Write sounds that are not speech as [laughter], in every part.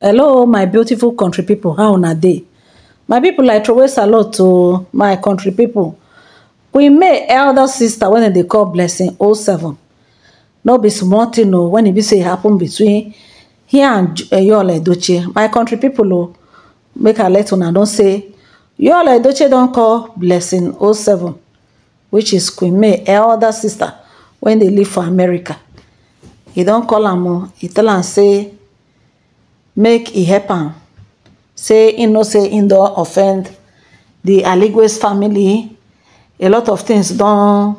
hello my beautiful country people. how una dey my people like throway salute to oh, my country people. queen may elder sister wey dem dey call blessing O oh, seven. no be small tin o oh, wen e be say e happen between here and eh, yohle edoche my country people o make i let una know say yohle edoche don call blessing O seven, which is queen may elder sister wey dey live for america He don call am o He tell am say make e help am say e know say e don offend the aligwes family a lot of things don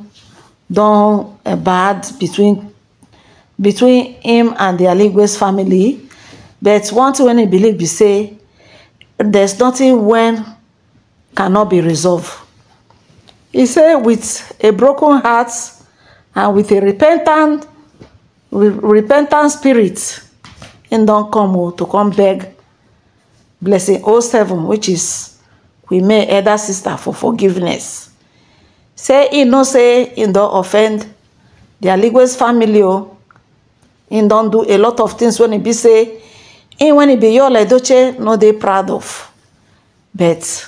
don eh, bad between between him and the aligwes family but one thing wey e believe be say there's nothing when cannot be resolved He say with a broken heart and with a repentant repentant spirit don't come oh, to come beg blessing 07 which is we may elder sister for forgiveness say he no say in don offend their legal family in do don do a lot of things when he be say in when e be your doche no they proud of but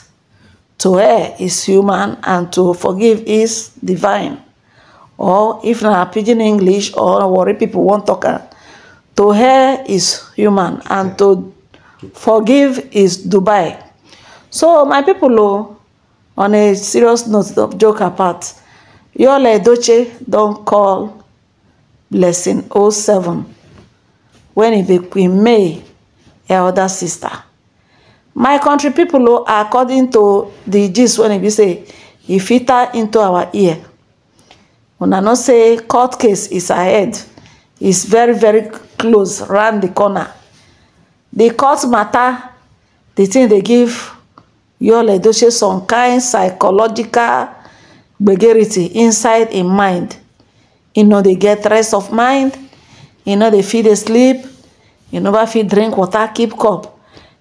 to err is human and to forgive is divine or if not pidgin english or worry people won't am To hear is human and to forgive is Dubai. So my people oh, on a serious note joke apart, Yul Edochie eh, don't call Blessing 07 when e be Queen May, her other sister. My country people oh, according to the gist when e be say e filter into our ear. When I know say court case is ahead. It's very very close round the corner the court matter the thing they give yul edochie some kind psychological gbegerity inside in mind You know they get rest of mind You know they fit dey sleep e never fit drink water keep cup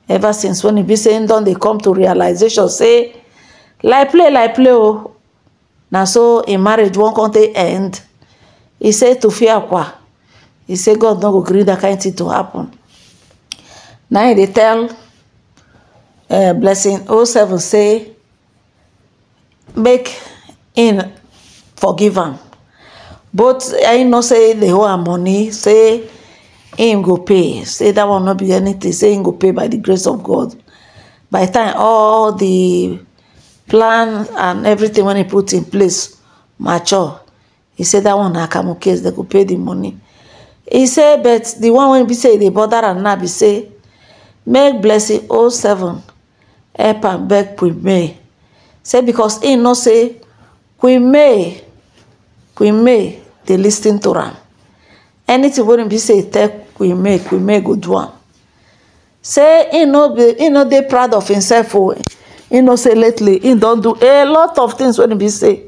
ever since when e be saying im they come to realization say like play like play Oh, now so in marriage wan come take end He said to fear akwa e say god no go gree dat kind thing to happen na e dey tell eh, blessing 07 say make him forgive am both i know say dey owe am money say him go pay say dat one no be anything say him go pay by di grace of god by time all di plan and everything wey he put in place mature e say dat one na case dem go pay di money He say but the one wey be say e dey bother am now be say make blessing 07 help am beg queen may say because im know say queen may queen may dey lis ten to am Anything wey be say e tell queen may queen may go do am say im no dey proud of himself o im know say lately im don do a lot of things wey be say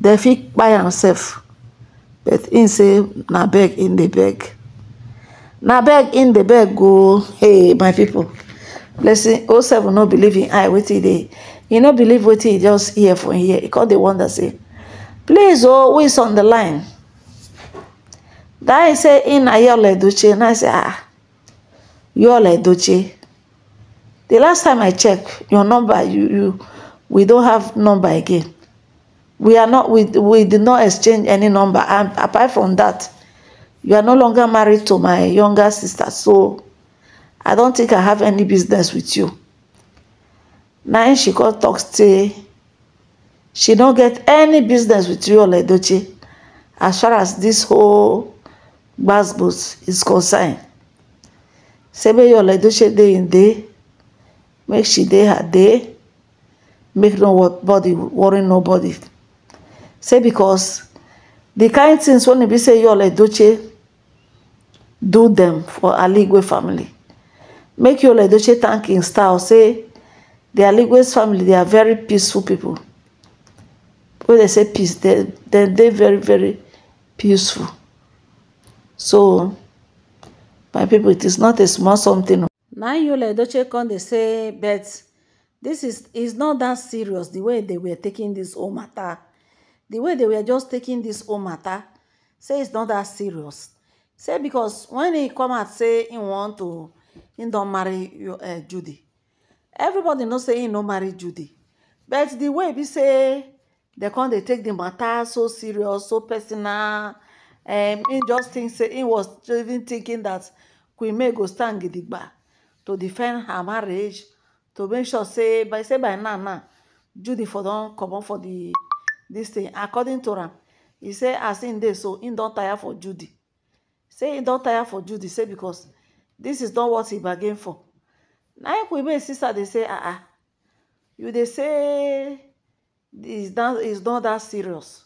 dem fit kpai am sef but in say na beg in the beg na beg in the beg go hey my people, blessing Oh, 07 no believe in I wetin e dey e no believe wetin e just hear for here e con dey wonder say please oh who is on the line that is say in na yola edoche and i say ah yola edoche the last time i check your number you you we don have number again we are not we, we did not exchange any number and apart from that you are no longer married to my younger sister so i don't think i have any business with you na she come talk say she no get any business with you ole as far as this whole gbasgbos is concerned say make your edochie dey in dey make she dey her day make nobody worry nobody say because the kind when wey say be say like doche, do them for aligwe family make yole edoche thank im style say di aligwe's family they are very peaceful people. When they say peace they they very very peaceful so my people, it is not a small something. Now na like doche come dey say but this is not that serious The way they were taking this whole matter. the way they were just taking this whole matter say its not that serious say because when he come out say he want to he don't marry eh, judy everybody know say he no marry judy but the way we say they come they take the matter so serious so personal um, him just think say he was even thinking that queen may go stand gidigba to defend her marriage to make sure say by say by now now judy for don on for the. This thing according to him, he say as im dey so he don't tire for judy say he don't tire for judy say because this is not what he bargain for na im women sister they say ah ah you they say is not that serious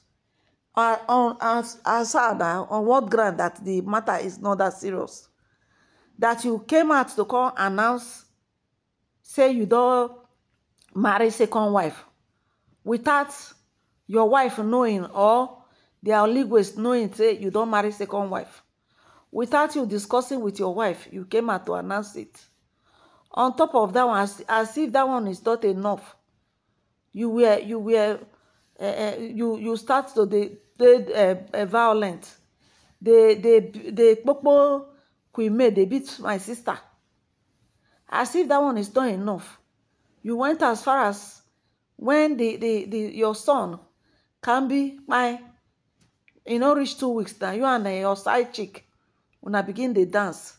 on on what ground that the matter is not that serious that you came out to come announce say you don't marry second wife without your wife knowing or dia oligways knowing say you don't marry second wife without you discussing with your wife you came out to announce it on top of that one as as if that one is not enough you were you were eh, eh, you you start to dey dey eh, violent dey kpokpo queen they beat my sister as if that one is not enough you went as far as when the the your son Can be my, you know, reach two weeks na you and uh, your side chick when I begin the dance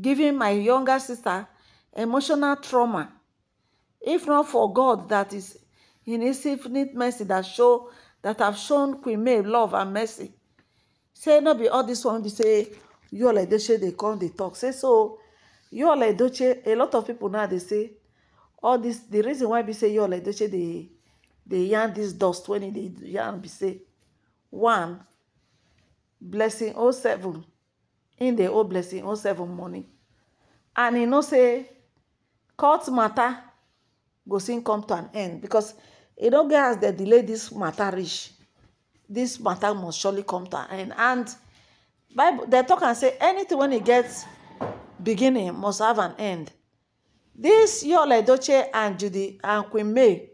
giving my younger sister emotional trauma if not for god that is in his infinite mercy that show that have shown queen may love and mercy say not be all this one be say you are yul edoche They come dey talk say so you are yul edoche a lot of people now they say all this. The reason why be say you yul edoche dey they yarn this dust when they yarn be say one blessing 07 in the old blessing 07 money and e know say court matter go soon come to an end because you no get as the delay this matter reach this matter must surely come to an end and bible they talk and say anything when it gets beginning must have an end your lady edochie and judy and queen may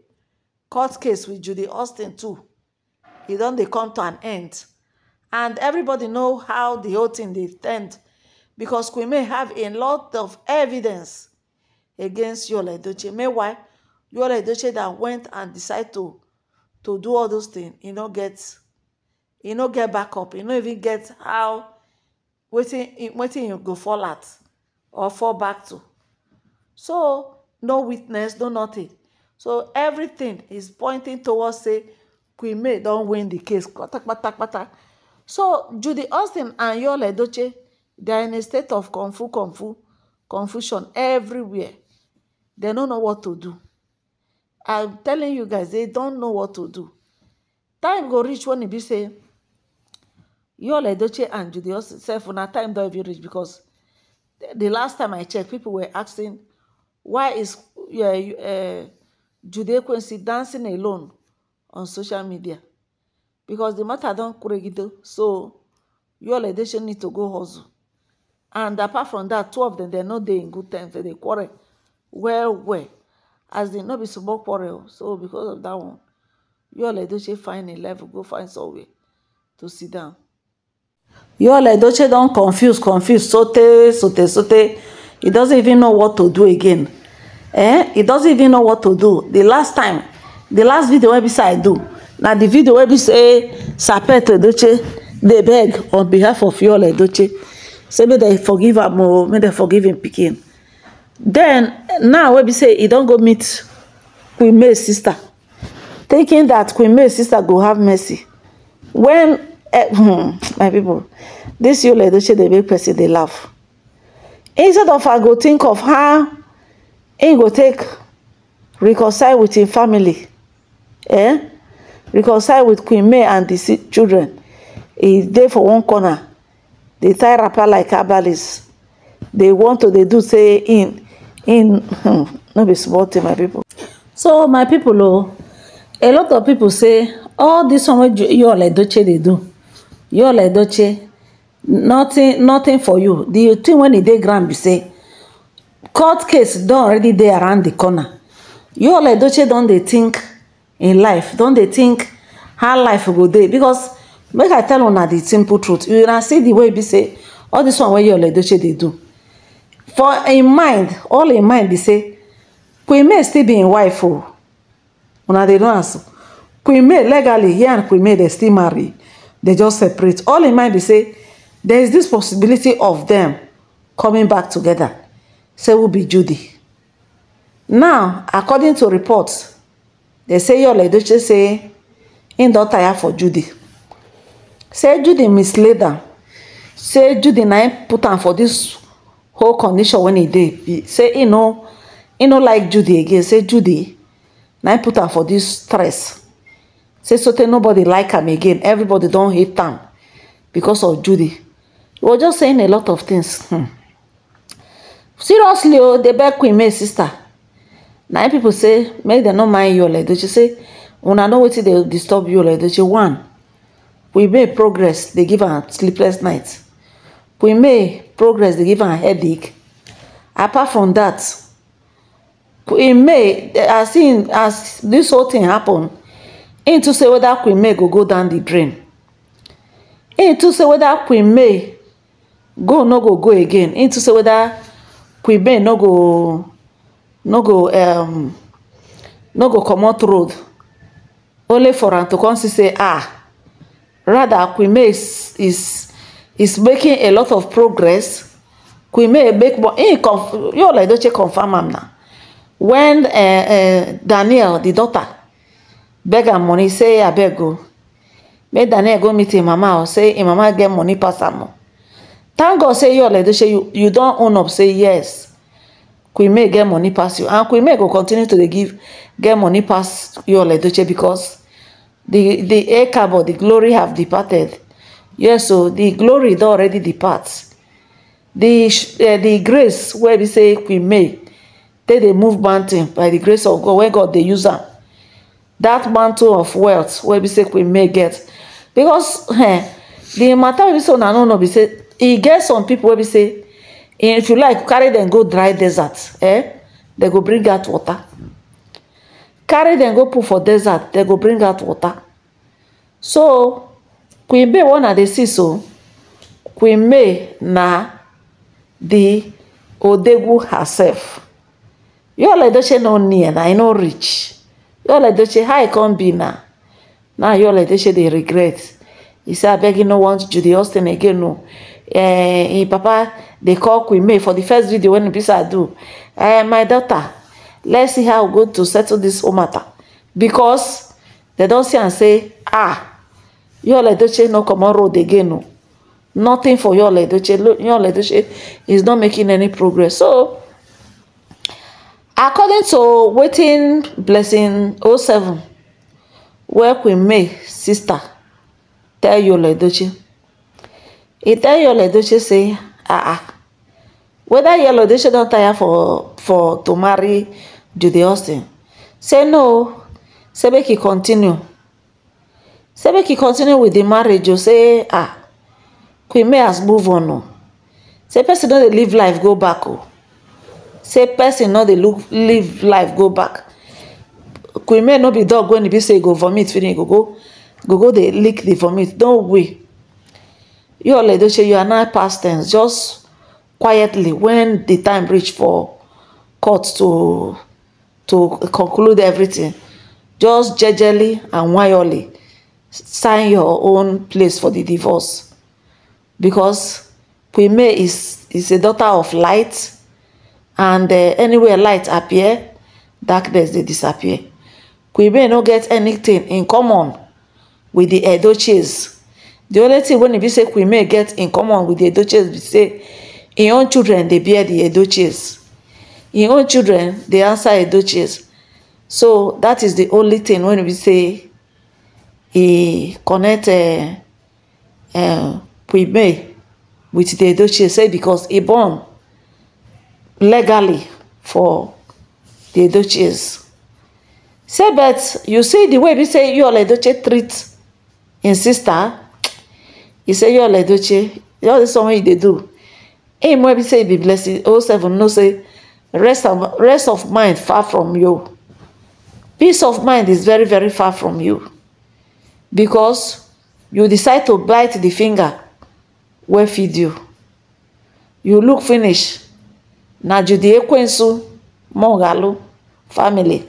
court case with Judy Austin too. He done they come to an end. And everybody know how the whole thing they tend because we May have a lot of evidence against Yola Edoche. Meanwhile, Yola Edoche that went and decided to, to do all those things, you know, get, you know, get back up. You know, even get how, waiting, waiting you go fall at or fall back to. So, no witness, no nothing. so everything is pointing towards say queen may don't win the case so judy austin and yul edoche dia in a state of confu confu confusion everywhere They don't know what to do i'm telling you guys they don't know what to do time go reach when you e be say yul edoche and judy austin say for now time don't even reach because, the last time i checked, people were asking why is uh, Jude Quincy dancing alone on social media because the matter don kuregido so Yul Edochie need to go hustle and apart from that two of them they're not dey in good terms They quarrel well well as they not be small quarrel so because of that one Yul Edochie find a level go find some way to sit down. Yul Edochie don't confuse confuse sote sote sote he doesn't even know what to do again eh e doesn't even know what to do the last time the last video wey be say i do na the video wey be say sapet edoche dey beg on behalf of yul edoche say make dem forgive am o make dem forgive him. pikin then now wey be say he don go meet queen may sister thinking that queen may sister go have mercy when eh, hmm, [laughs] my people this yul edoche dey make person dey laugh instead of I go think of how im go take reconcile with im family eh reconcile with queen may and di children e dey for one corner dey tie wrapper like herbalist dey want to dey do say in in hmm, no be small thing my people. so my people o oh, a lot of people say all this one wey Yul Edochie dey do Yul Edochie nothing nothing for you the thing wey e dey ground be say court case don already dey around the corner You all, yoole edoche don dey think in life don dey think how life go dey because make i tell una the simple truth you na see the way e be say all this. one wey yoole edoche dey do for im mind all im mind be say queen may still be im wife o oh. una dey know am so queen may legally here and queen may dey still marry dey just separate all im mind be say there is this possibility of them coming back together say who be judy now according to reports they say your edochie say im don tire for judy say judy mislead her. say judy now put am for this whole condition when he did. say he no he no like judy again say judy now put am for this stress say so sotey nobody like him again everybody don't hate him because of judy were just saying a lot of things hmm seriously oh, dey beg queen may sister Now people say make dem not mind you Don't you say una know wetin they disturb you Don't you one We may progress They give am sleepless night We may progress They give am headache apart from that, queen may as in as this whole thing happen Into say whether queen may go go down the drain Into say whether queen may go no go go again Into say whether quebec no go no go um, no go comot road only for am to come see say ah rather quebec is, is is making a lot of progress quebec make more im conf yoo like doche confirm am na when uh, uh, daniel the daughter beg am money say abeg o make daniel go meet im mama o say im mama get money pass am o thank god say you like say you you don own up say yes queen may get money pass you and queen may go continue to dey give get money pass your like this because the the air or the glory have departed yes so the glory don already depart the uh, the grace wey be say queen may take dey move mountain by the grace of god wey god dey use am that mantle of wealth wey be say queen may get because eh, the matter wey be so na no no be say e get some pipo wey be say if you like carry dem go dry desert eh dem go bring out water carry dem go put for desert dem go bring out water so queen may one na dey see so queen may na di odegwu herself yola edoche no near na e no reach yola edoche how e come be na now yola edoche dey regret e say abeg no want judy austin again o uh, eh, him eh, papa dey call queen may for the first video wey nipisa do uh, my daughter let's see how we go to settle this whole matter because they don see am say ah yul edochie no comot road again o oh. nothing for yul edochie yul edochie is not making any progress so according to wetin blessing 07 wey queen may sister tell yul edochie e tell Yul Edochie say ah ah whether Yul Edochie don tire for for to marry Judy Austin say no say make he continue say make he continue with the marriage o say ah Queen May as move on o say person no dey live life go back o say person no dey live life go back Queen May no be dog when e be say e go vomit finish e go go go go dey lick the vomit don't wait you all edoche you are now past tense just quietly when the time reach for court to to conclude everything just jejely and quietly sign your own place for the divorce because Kwime is is a daughter of light and uh, anywhere light appear darkness dey disappear Kwime no get anything in common with the Edochies The only thing when e be say queen may get in common with the edoches be say im own children they bear the edoches im own children they answer edoches so that is the only thing when we be say e connect queen eh, eh, may with the edoches say because he born legally for the edoches say but you see the way we say you yul edoche treat im sister he say yoo like doche all this one wey you dey do him wey be say be blessed. oh seven no say rest of rest of mind far from you peace of mind is very very far from you because you decide to bite the finger Where feed you you look finish na judy ekwensu mongalu family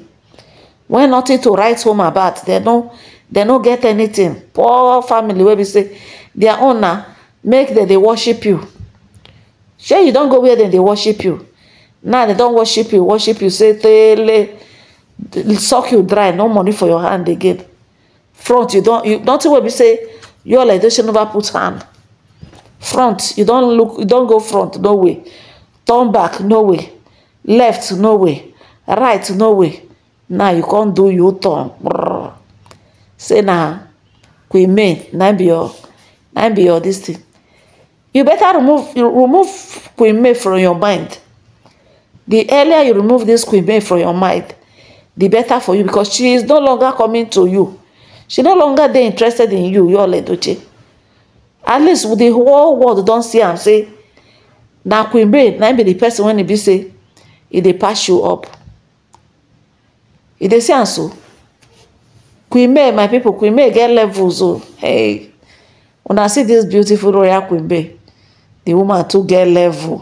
wey nothing to write home about They no they no get anything poor family where we say their own na make dem dey worship you shey you don go where dem dey worship you now dem don worship you worship you say tele suck you dry no money for your hand again front you don nothing wey be say your like those never put hand front you don look you don go front no way turn back no way left no way right no way now you come do u turn say na queen may na be your na be all dis thing you better remove remove queen may from your mind the earlier you remove this queen may from your mind the better for you because she is no longer coming to you she no longer dey interested in you your ledoche at least the whole world don't see and say now queen may na be the person when e be say e dey pass you up e dey say am so queen may my people queen may get levels o hey una see this beautiful royal queen bee di woman too get level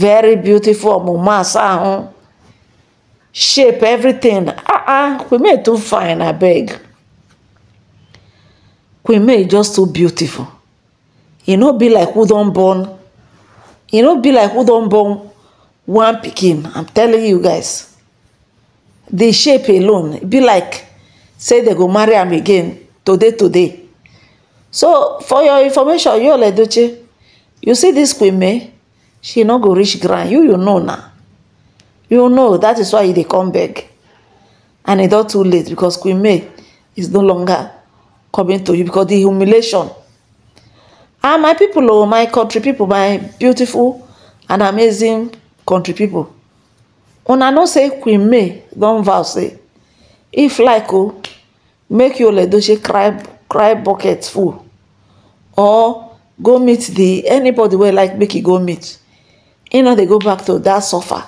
very beautiful ọmọọmọ asahun shape everything ah ah queen may too fine abeg queen may just too beautiful e no be like who don born e no be like who don born one pikin i'm telling you guys the shape alone e be like say they go marry am again today today so for your information you yul edoche you see this queen me, eh? she no go reach ground you you know now. you know that is why they come back and it's e don too late because queen may is no longer coming to you because the humiliation and my people, oh my country people, my beautiful and amazing country pipo una know say queen may don't vow say if like oh, make yul edoche cry cry bucket full or go meet the anybody wey like make e go meet e no dey go back to dat suffer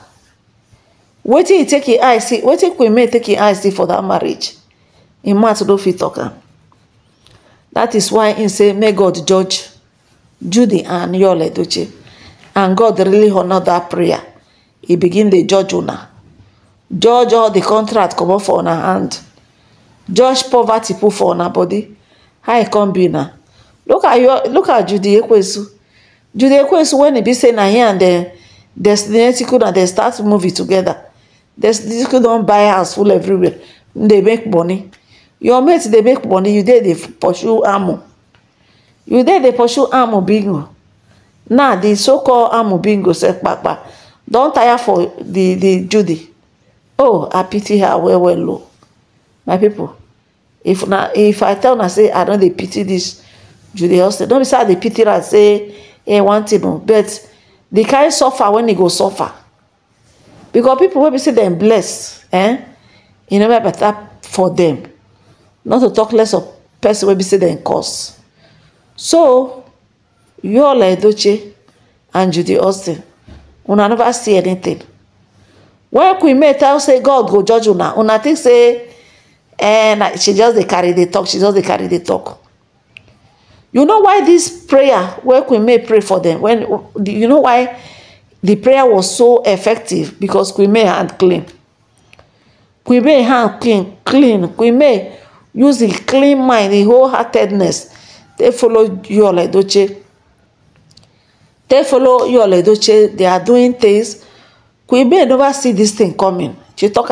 wetin e take e eye see wetin queen may take e eye see for dat marriage im mouth no fit tok am dat is why im say may god judge judy and yole edoche and god really honour dat prayer e begin dey judge una judge all the contract comot for una hand judge poverty put for una body how e come be na look at your look at judy ekwesu judy ekwesu wen e be say na here and dem destinatico na dem start movie togeda destinatico don buy house full everywhere dey make money your mate dey make money you dey dey pursue amu you dey dey pursue amu bingo now di so called amu bingo sef kpakpa don tire for di judy oh i pity her well well o oh. my pipo if i tell na say i no dey pity dis judy austin no be say they pity her and say eh one thing but they can't suffer when e go suffer because people will be say dem bless eh You e But that for them, not to talk less of person will be say dem curse so you all like edoche and judy austin una never see anything wen queen may tell say god go judge you now. When I think say eh she just they carry the talk she just they carry the talk. You know why this prayer, where Queen May pray for them, when you know why the prayer was so effective? Because Queen May had clean. Queen May hand clean, clean. Queen May use the clean mind, the wholeheartedness. They follow your Edochie. They follow your Edochie. They are doing things. Queen May never see this thing coming. She talk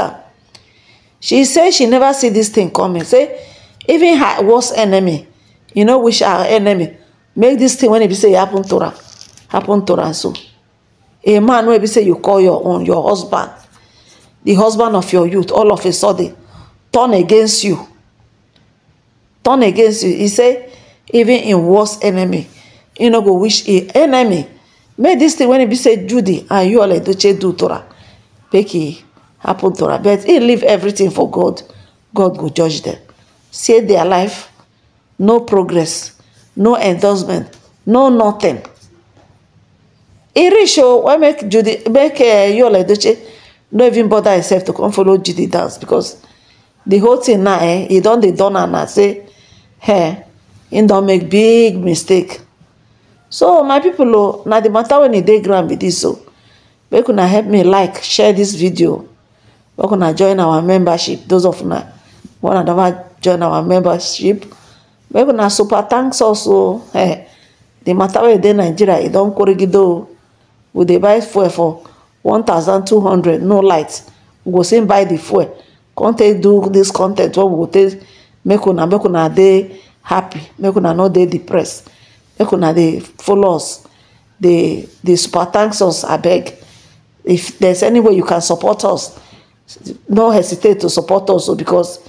She say she never see this thing coming. Say even her worst enemy you know, wish our ah, enemy make this thing when e be say e happen to am happen to am so a man wey be say you call your own your husband the husband of your youth all of a sudden turn against you turn against you He say even im worst enemy e no go wish im enemy make this thing when e be say judy and you all edoche do to am make e happen to am but he leave everything for god god go judge them. save their life no progress no endorsement no nothing e reach why make judy make you eh, yool edoche no even bother herself to come follow judy dance because the whole thing now eh e don dey done am na say eh e don make big mistake so my people, oh, na the matter when e dey ground be dis o make una help me like share this video make una join our membership those of una one another join our membership maybe na super tanks also eh the matter wey dey nigeria e don korigide o we buy fuel for one thousand two hundred no light we go still buy the fuel come take do this content wey we go take make una make una dey happy make una no dey depressed make una dey follow us dey dey super thanks us abeg if there's any way you can support us no hesitate to support us o because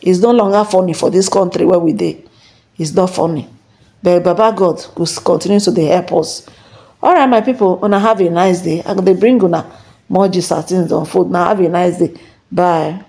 it's no longer funny for this country where we dey. It's not funny. But Baba God will continue to dey help us. All right, my people, una have a nice day. I go dey bring una more gist as things unfold. Now have a nice day. Bye.